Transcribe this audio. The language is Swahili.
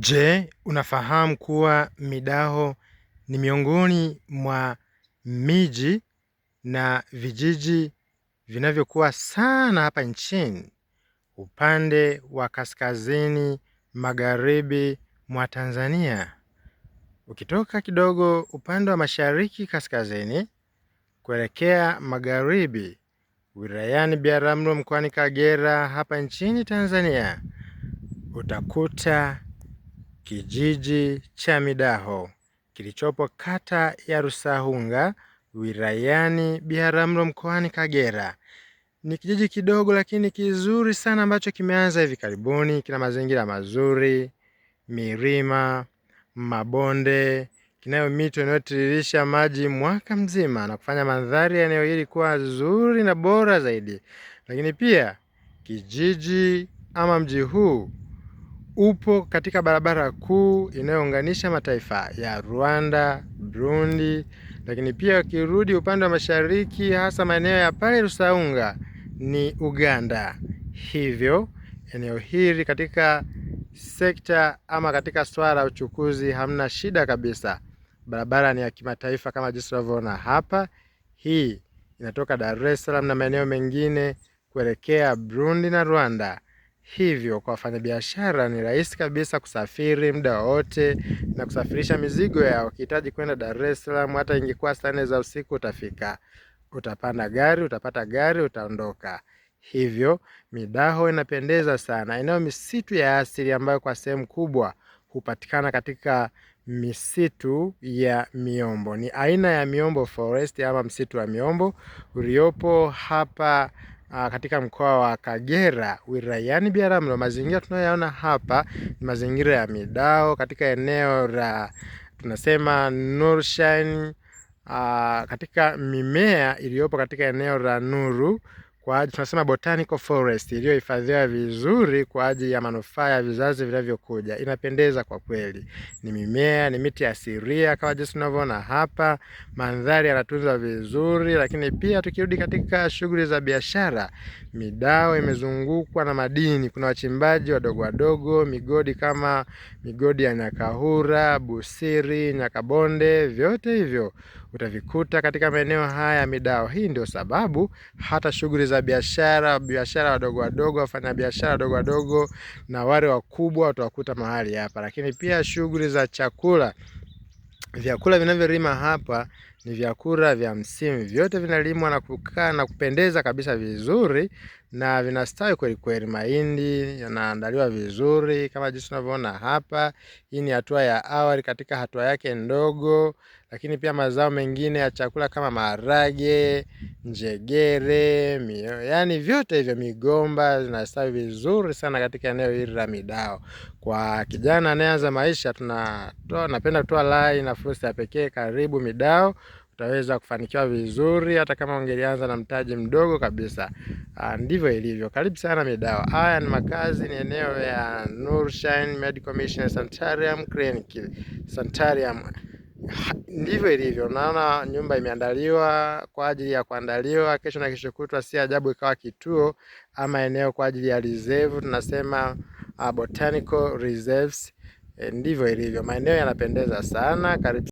Je, unafahamu kuwa Midaho ni miongoni mwa miji na vijiji vinavyokuwa sana hapa nchini upande wa kaskazini magharibi mwa Tanzania. Ukitoka kidogo upande wa mashariki kaskazini kuelekea magharibi wilayani Biharamulo mkoani Kagera hapa nchini Tanzania utakuta Kijiji cha Midaho kilichopo kata ya Rusahunga wilayani Biharamulo mkoani Kagera. Ni kijiji kidogo lakini kizuri sana ambacho kimeanza hivi karibuni. Kina mazingira mazuri, milima, mabonde, kinayo mito inayotiririsha maji mwaka mzima na kufanya mandhari ya eneo hili kuwa zuri na bora zaidi. Lakini pia kijiji ama mji huu upo katika barabara kuu inayounganisha mataifa ya Rwanda, Burundi, lakini pia ukirudi upande wa mashariki, hasa maeneo ya pale Rusaunga ni Uganda. Hivyo eneo hili katika sekta ama katika swala uchukuzi hamna shida kabisa. Barabara ni ya kimataifa kama jinsi unavyoona hapa. Hii inatoka Dar es Salaam na maeneo mengine kuelekea Burundi na Rwanda. Hivyo kwa wafanyabiashara ni rahisi kabisa kusafiri muda wowote na kusafirisha mizigo yao. Ukihitaji kwenda Dar es Salaam, hata ingekuwa saa nne za usiku utafika, utapanda gari, utapata gari, utaondoka. Hivyo Midaho inapendeza sana, eneo misitu ya asili ambayo kwa sehemu kubwa hupatikana katika misitu ya miombo. Ni aina ya miombo forest ama msitu wa miombo uliopo hapa uh, katika mkoa wa Kagera wilayani Biharamulo. Mazingira tunayoyaona hapa ni mazingira ya midao katika eneo la tunasema Nurshine, uh, ah, katika mimea iliyopo katika eneo la Nuru kwa ajili tunasema botanical forest iliyohifadhiwa vizuri kwa ajili ya manufaa ya vizazi vinavyokuja. Inapendeza kwa kweli, ni mimea, ni miti asilia kama jinsi tunavyoona hapa, mandhari yanatunzwa vizuri. Lakini pia tukirudi katika shughuli za biashara, midao imezungukwa na madini. Kuna wachimbaji wadogo wadogo migodi kama migodi ya Nyakahura, Busiri, Nyakabonde, vyote hivyo utavikuta katika maeneo haya ya midao. Hii ndio sababu hata shughuli za biashara, biashara wadogo wadogo, wafanya biashara wadogo wadogo na wale wakubwa utawakuta mahali hapa, lakini pia shughuli za chakula, vyakula vinavyolima hapa ni vyakula vya msimu, vyote vinalimwa na kukaa na kupendeza kabisa vizuri na vinastawi kweli kweli. Mahindi yanaandaliwa vizuri kama jinsi tunavyoona hapa. Hii ni hatua ya awali katika hatua yake ndogo, lakini pia mazao mengine ya chakula kama maharage, njegere, mio, yani vyote hivyo, migomba zinastawi vizuri sana katika eneo hili la Midao. Kwa kijana anayeanza maisha, tunatoa napenda kutoa rai na fursa ya pekee. Karibu Midao utaweza kufanikiwa vizuri, hata kama ungelianza na mtaji mdogo kabisa. Ah, ndivyo ilivyo. Karibu sana Midawa. Haya ni makazi, ni eneo ya Nurshine Medical Mission Sanitarium Clinic, Sanitarium. Ndivyo ilivyo. Naona nyumba imeandaliwa kwa ajili ya kuandaliwa kesho na kesho kutwa, si ajabu ikawa kituo ama eneo kwa ajili ya reserve, tunasema uh, botanical reserves. Eh, ndivyo ilivyo. Maeneo yanapendeza sana. Karibu.